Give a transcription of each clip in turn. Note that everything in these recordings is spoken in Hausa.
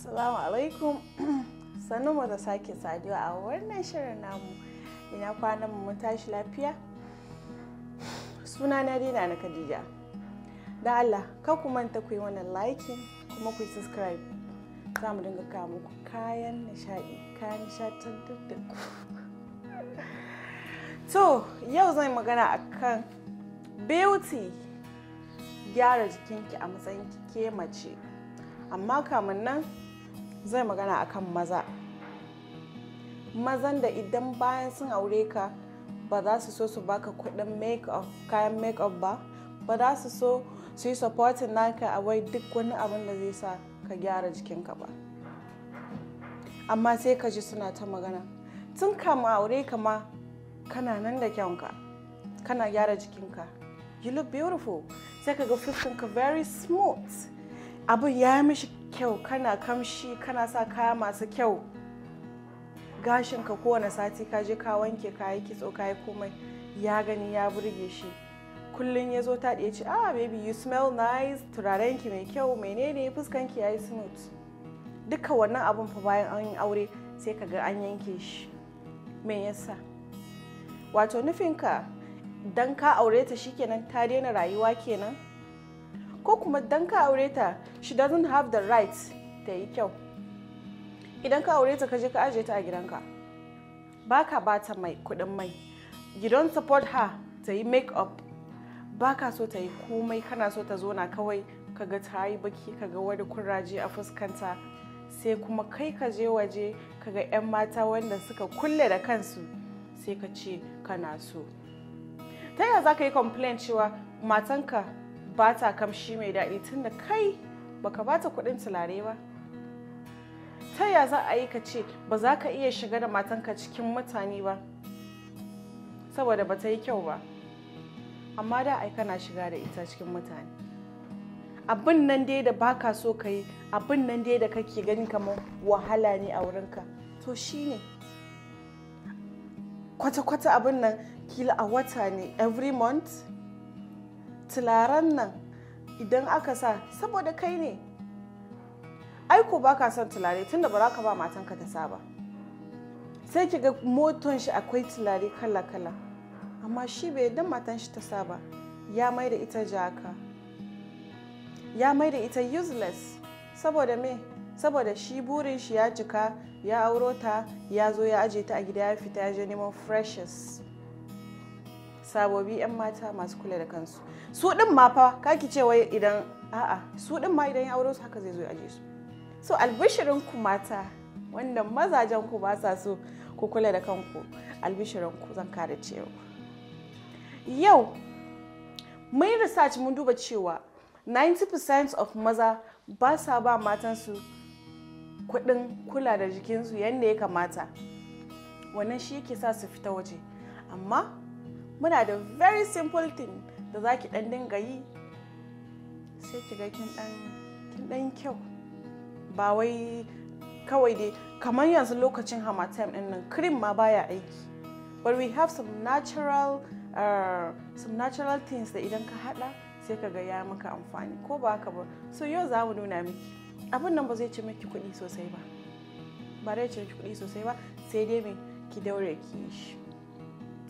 Salamu alaikum sannu mu da sake saduwa a wannan shirin namu ina kwanan mu tashi lafiya suna na dina na Khadija da Allah ka ku manta ku yi wannan liking kuma ku yi subscribe za mu dinga kawo muku kayan nishaɗi kayan nishaɗantar da ku to yau zan yi magana akan beauty gyara jikinki a matsayin ke mace amma kamun nan zai magana akan maza mazan da idan bayan sun aure ka ba za su so su baka kudin make-up kayan make-up ba ba za su so su yi supporting naka a wai duk wani abin da zai sa ka gyara jikinka ba amma sai ka ji suna ta magana tun kama aure ka ma kana nan da kyanka kana gyara jikinka you look beautiful sai ka ga fuskanka very smooth abin ya mishi kyau kana kamshi kana sa kaya masu kyau gashinka kowane sati ka je ka wanke ka yi kitso ka yi komai ya gani ya burge shi kullum ya zo ta ce ah baby you smell nice turarenki mai kyau menene fuskanki ya yi smooth duka wannan abun fa bayan an yi aure sai ka ga an yanke shi me yasa wato nufinka dan ka aure ta shikenan ta daina rayuwa kenan ko kuma dan ka aure ta she doesn't have the right ta yi kyau idan ka aure ta ka je ka aje ta a gidanka ka ba ta mai kudin mai you don't support her ta yi make up ka so ta yi komai kana so ta zona kawai ka ga ta yi baki ga wani kuraje a fuskanta sai kuma kai ka je waje ka ga 'yan mata wanda suka kulle da kansu sai ka ce kana so ta yaya za ka yi complain cewa matanka ba ta kamshi mai daɗi tunda kai baka bata kuɗin tulare ba ta ya za a yi ka ce ba za ka iya shiga da matanka cikin mutane ba saboda ba ta yi kyau ba amma da ai kana shiga da ita cikin mutane abin nan dai da baka so ka yi abin nan dai da kake gani kamar wahala ne a wurinka to shine kwata-kwata abin nan kila a wata ne every month Tilaran nan idan aka sa saboda kai ne aiko ba ka son tulare tunda ba za ka ba matanka ta sa sai ki ga moton shi akwai tulare kala-kala amma shi bai dan matan shi ta sa ba ya mai da ita jaka ya mai da ita useless saboda me saboda shi burin shi ya cika ya auro ta ya zo ya aje ta a gida ya fita ya je neman freshes sabobi 'yan mata masu kula da kansu su din ma fa kaki ce wai idan a'a su din ma idan ya aure su haka zai zo aje su so albishirin ku mata wanda mazajen ku ba sa so ku kula da kanku albishirin ku zan kare cewa yau mun research mun duba cewa 90% of maza ba sa ba matansu kuɗin kula da jikinsu yadda ya kamata wannan shi yake sa su fita waje amma muna da very simple thing da za ki ɗan dinga yi sai ki ga kin ɗan kyau ba wai kawai dai kamar yanzu lokacin hamatime ɗin nan cream ma baya aiki but we have some natural uh, some natural things da idan ka haɗa sai ka ga ya maka amfani ko ba haka ba so yau za mu nuna miki abin nan ba zai ci miki kuɗi sosai ba ba zai ci miki kuɗi sosai ba sai dai me ki daure ki yi shi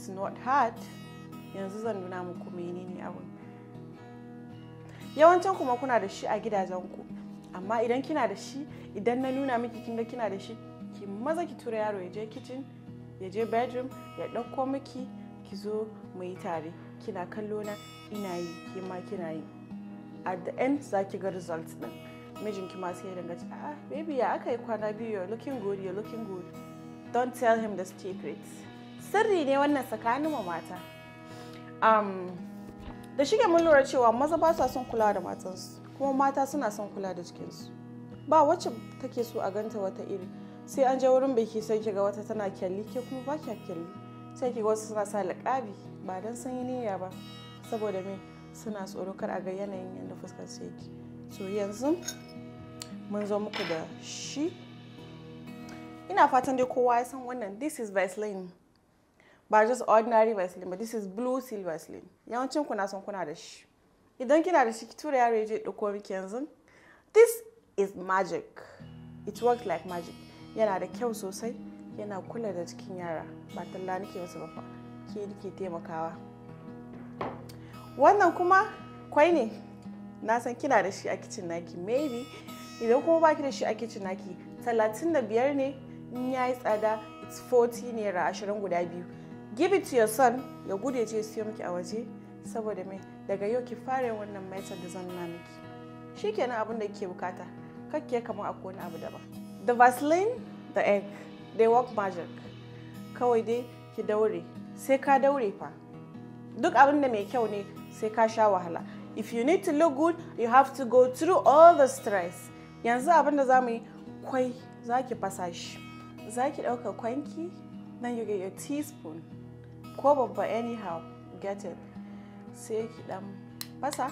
it's not hard yanzu zan nuna muku menene abin yawancin kuma kuna da shi a gidajen ku. amma idan kina da shi idan na nuna miki kin ga kina da shi ki maza ki tura yaro ya je kitchen ya je bedroom ya ɗauko miki ki zo mu yi tare kina kallo na ina yi ke ma kina yi at the end za ki ga results din mijinki ma sai ya dinga ah baby ya aka yi kwana biyu you're looking good you're looking good don't tell him the secrets sirri ne wannan tsakanin wa mata da shige mun lura cewa maza ba sa son kula da matansu kuma mata suna son kula da jikinsu ba wacce take so a ganta wata iri sai an je wurin biki sai kiga wata tana kyalli ke kuma ba kya kyalli sai kiga wasu suna sa alƙabi. ba dan sanyi yi niyya ba saboda me suna tsoro kar a ga yanayin yadda fuskar su yake so yanzu mun zo muku da shi ina fatan dai kowa ya san wannan this is Vaseline ba just ordinary Vaseline ba this is blue seal Vaseline yawancin kuna son kuna da shi idan kina da shi ki tura yaro ya je ɗauko miki yanzu this is magic it works like magic yana da kyau sosai yana kula da cikin yara ba talla nake masa ba fa ke nake taimakawa wannan kuma kwai ne na san kina da shi a kicin naki maybe idan kuma baki da shi a kicin naki 35 ne in yayi tsada it's 40 naira ashirin guda biyu give it to your son ya gude je siyo miki a waje saboda mai daga yau ki fara wannan method da zan na miki shikenan abin da kike bukata kakke kamar a wani abu daban the vaseline the egg they work magic kawai dai ki daure sai ka daure fa duk abin da mai kyau ne sai ka sha wahala if you need to look good you have to go through all the stress yanzu abinda da za mu yi kwai za ki fasa za ki ɗauka kwanki then you get your teaspoon ko babba anyhow get it sai ki dan fasa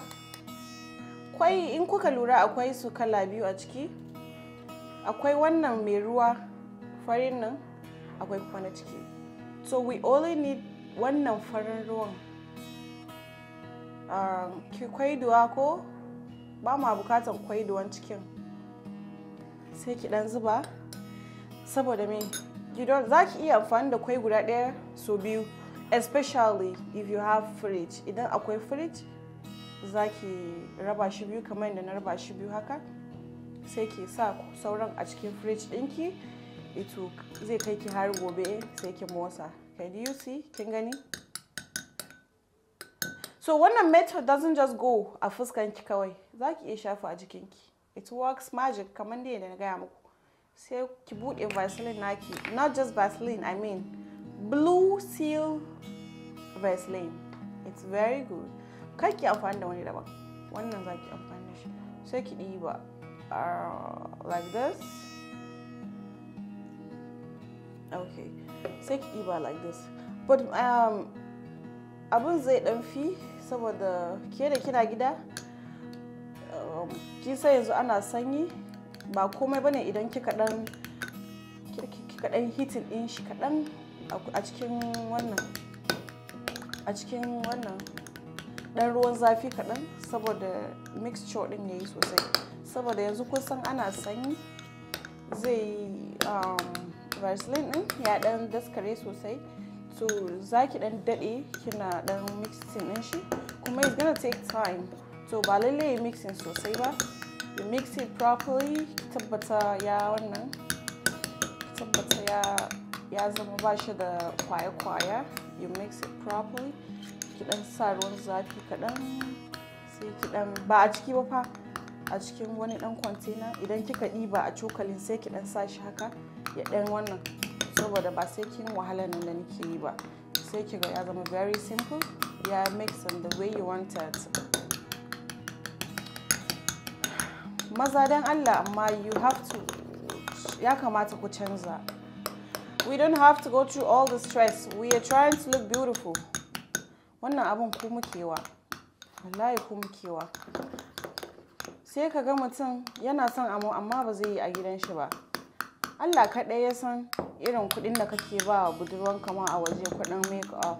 kwai in kuka lura akwai su kala biyu a ciki akwai wannan mai ruwa farin nan akwai kuma na ciki so we only need wannan farin ruwan um, ki kwaiduwa ko ba ma bukatan kwaiduwan cikin sai ki dan zuba saboda me za ki iya amfani da kwai guda ɗaya so biyu especially if you have fridge idan akwai fridge za ki raba shi biyu kamar yadda na raba shi biyu haka sai ki sa sauran a cikin fridge ɗinki ito zai kai ki har gobe sai ki motsa can you see kin gani so wannan method doesn't just go a fuskan ki kawai za ki iya shafa a jikinki it works magic kamar da na gaya muku sai ki buɗe vaseline naki not just vaseline i mean blue seal vaseline it's very good kar ki amfani da wani daban wannan za ki amfani da shi sai ki ɗiba uh, like this okay sai ki ɗiba like this but um, abin zai ɗan fi saboda ke da kina gida um, kisa yanzu ana sanyi ba komai bane idan kika ɗan hitin ɗin shi kaɗan a cikin wannan a cikin wannan dan ruwan zafi kaɗan saboda mixture ɗin ya yi sosai saboda yanzu kusan ana sanyi zai yi um, vaseline ɗin ya ɗan daskare sosai so za ki ɗan daɗe kina ɗan mixing ɗin shi kuma it's gonna take time so ba lalle ya mixing sosai ba you mix it properly tabbata ya wannan tabbata ya ya zama ba shi da kwaya-kwaya you mix it properly ki dan sa ruwan zafi kaɗan sai ki dan ba a ciki ba fa a cikin wani dan container idan kika ɗiba a cokalin sai ki dan sa shi haka ya dan wannan saboda ba sai kin wahala nan da nake yi ba sai ki ga ya zama very simple ya mix in the way you want it maza dan allah amma you have to ya kamata ku canza we don't have to go through all the stress we are trying to look beautiful wannan abin ku mukewa wallahi ku mukewa sai ka ga mutum yana son amo amma ba zai yi a gidan shi ba Allah kaɗai ya san irin kuɗin da kake ba wa budurwan kama a waje kuɗin make up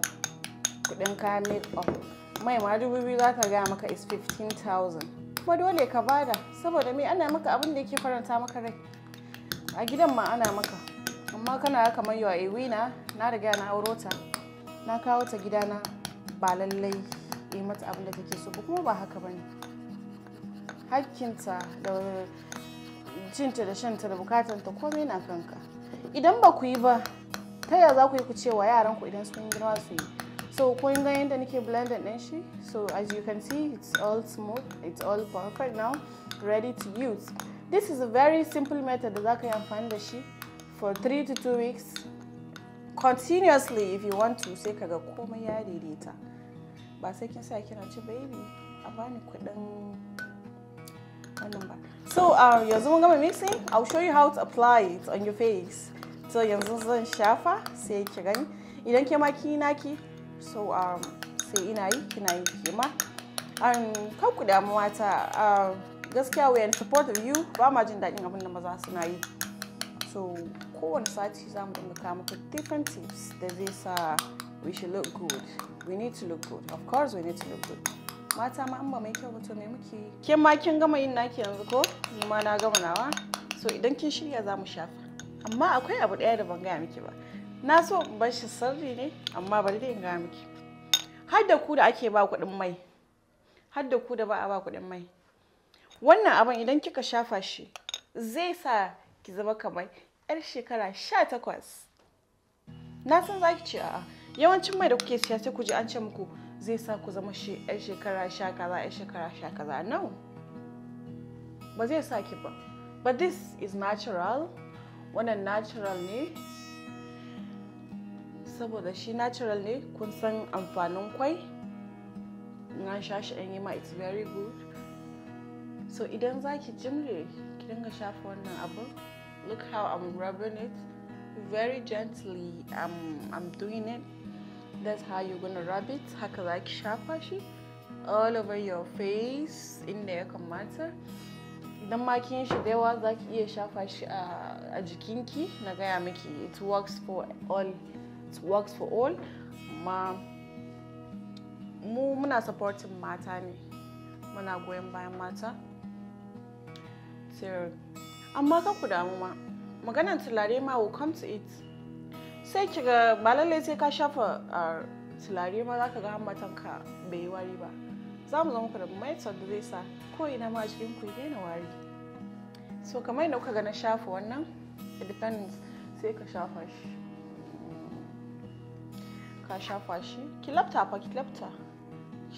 kuɗin kayan make up mai ma dubu biyu za ka gaya maka is 15,000 kuma dole ka bada saboda me ana maka abin da yake faranta maka rai a gidan ma ana maka amma kana kamar yau a wina na riga na auro ta na kawo ta gidana ba lallai yi mata abin da take so kuma ba haka bane hakkinta da cinta da shanta da bukatanta komai na kanka idan ba ku yi ba ta yaya za ku yi ku cewa yaran ku idan sun girma su yi so kun ga yadda nake blending din shi so as you can see it's all smooth it's all perfect now ready to use this is a very simple method da za ka yi amfani da shi for three to two weeks continuously if you want to sai kaga komai ya daidaita ba sai kin sa kina ci baby a bani kudin wannan ba so uh, yanzu mun gama mixing i'll show you how to apply it on your face so yanzu zan shafa sai ki gani idan ke ma ki naki so um, sai ina yi kina yi ke ma um, kan ku damu mata uh, gaskiya we are in support of you ba ma jin daɗin abin da maza suna yi so kowane sati za mu dinga kawo different tips da zai sa we should look good we need to look good of course we need to look good mata ma an ba mai kyau mutum ne muke ke ma kin gama yin naki yanzu ko ni ma na gama nawa so idan kin shirya za mu shafa amma akwai abu ɗaya da ban gaya miki ba na so in bar shi sirri ne amma bari dai in gaya miki har da ku da ake ba kuɗin mai har da ku da ba a ba kuɗin mai wannan abin idan kika shafa shi zai sa ki zama kamar 'yar shekara sha takwas. na san za ki ce a'a yawancin mai da kuke siya sai ku ji an ce muku zai sa ku zama 'yar shekara sha kaza 'yar shekara sha kaza no ba zai sa ki ba but this is natural wannan natural ne saboda shi natural ne kun san amfanin kwai na sha shi an yi ma it's very good so idan za ki jimre dinga shafa wannan abu look how i'm rubbing it very gently i'm, um, I'm doing it that's how you're gonna rub it haka za ki shafa shi all over your face inda ya kamata idan ma kin shi da yawa za ki iya shafa shi a jikinki na gaya miki it works for all it works for all ma mu muna supporting mata ne muna goyon bayan mata Sarah. amma ka ku damu ma maganan tulare ma will come to it sai kiga ba lallai sai ka shafa tulare ma za ka ga hammatan ka bai yi wari ba za mu zama ku da mai da zai sa ko ina ma cikin ku daina wari so kamar yadda kuka ga na shafa wannan it depends sai ka shafa shi ka shafa shi ki lafta fa ki lafta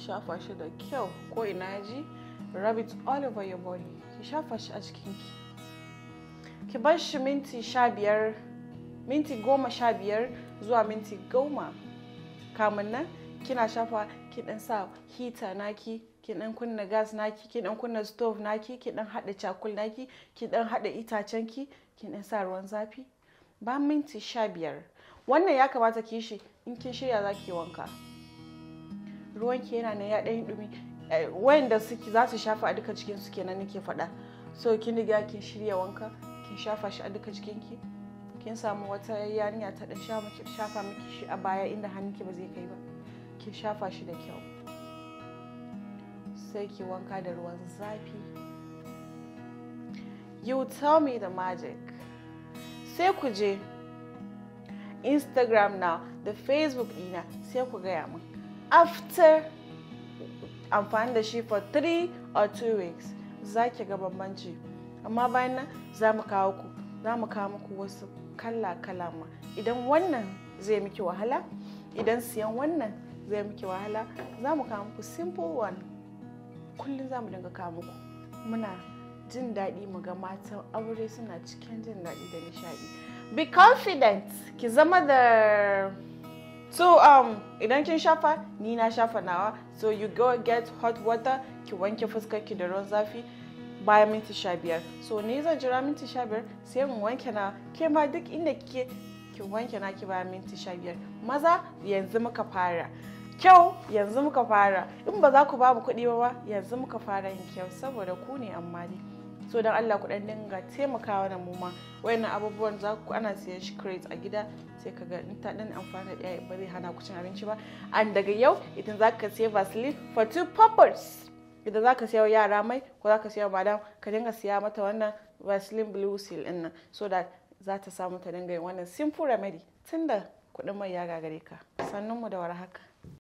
shafa shi da kyau ko ina ji rub it all over your body ki shafa shi a jikinki ki bar shi minti sha biyar minti goma sha biyar zuwa minti goma kamun nan kina shafa ki sa hita naki ki dan kunna gas naki ki dan kunna stove naki ki dan hada cakul naki ki dan hada itacen ki ki dan sa ruwan zafi ba minti sha biyar wannan ya kamata ki shi in kin shirya za ki wanka ruwanki yana na ya ɗan dumi Eh, wayanda za su shafa a duka su kenan nake faɗa so kin riga kin shirya wanka kin shafa shi a duka ki kin samu wata yarinya ta dan shafa miki shi a baya inda hannunki ba zai kai ba kin shafa shi da kyau sai ki wanka da ruwan zafi you tell me the magic sai ku je instagram na da facebook dina sai ku gaya min after amfani da shi for three or two weeks za ki ga bambanci amma bayan nan za mu kawo ku za mu kawo muku wasu kala-kala ma idan wannan zai miki wahala idan siyan wannan zai miki wahala za mu kawo muku simple one kullum za mu dinga kawo muku muna jin daɗi mu ga matan aure suna cikin jin daɗi da nishaɗi be confident ki zama da so um idan kin shafa ni na shafa nawa so you go get hot water ki wanke fuskar ki da ruwan zafi bayan minti sha biyar so ni zan jira minti sha biyar sai mu wanke na ke ma duk inda kike ki wanke na ki bayan minti sha biyar maza yanzu muka fara kyau yanzu muka fara in ba za ku ba mu kuɗi ba yanzu muka fara yin kyau saboda ku ne amma dai so don allah ku dinga taimakawa da mu ma wayannan abubuwan za ku ana siyan shi crate a gida sai ka ga in ta dan amfana da ba zai hana kucin abinci ba and daga yau idan za ka siya vaseline for two purpose idan za ka siya yara mai ko za ka siya madam ka dinga siya mata wannan vaseline blue seal din nan so that za ta samu ta dinga yin wannan simple remedy tunda kuɗin mai ya gagare ka sannunmu da haka.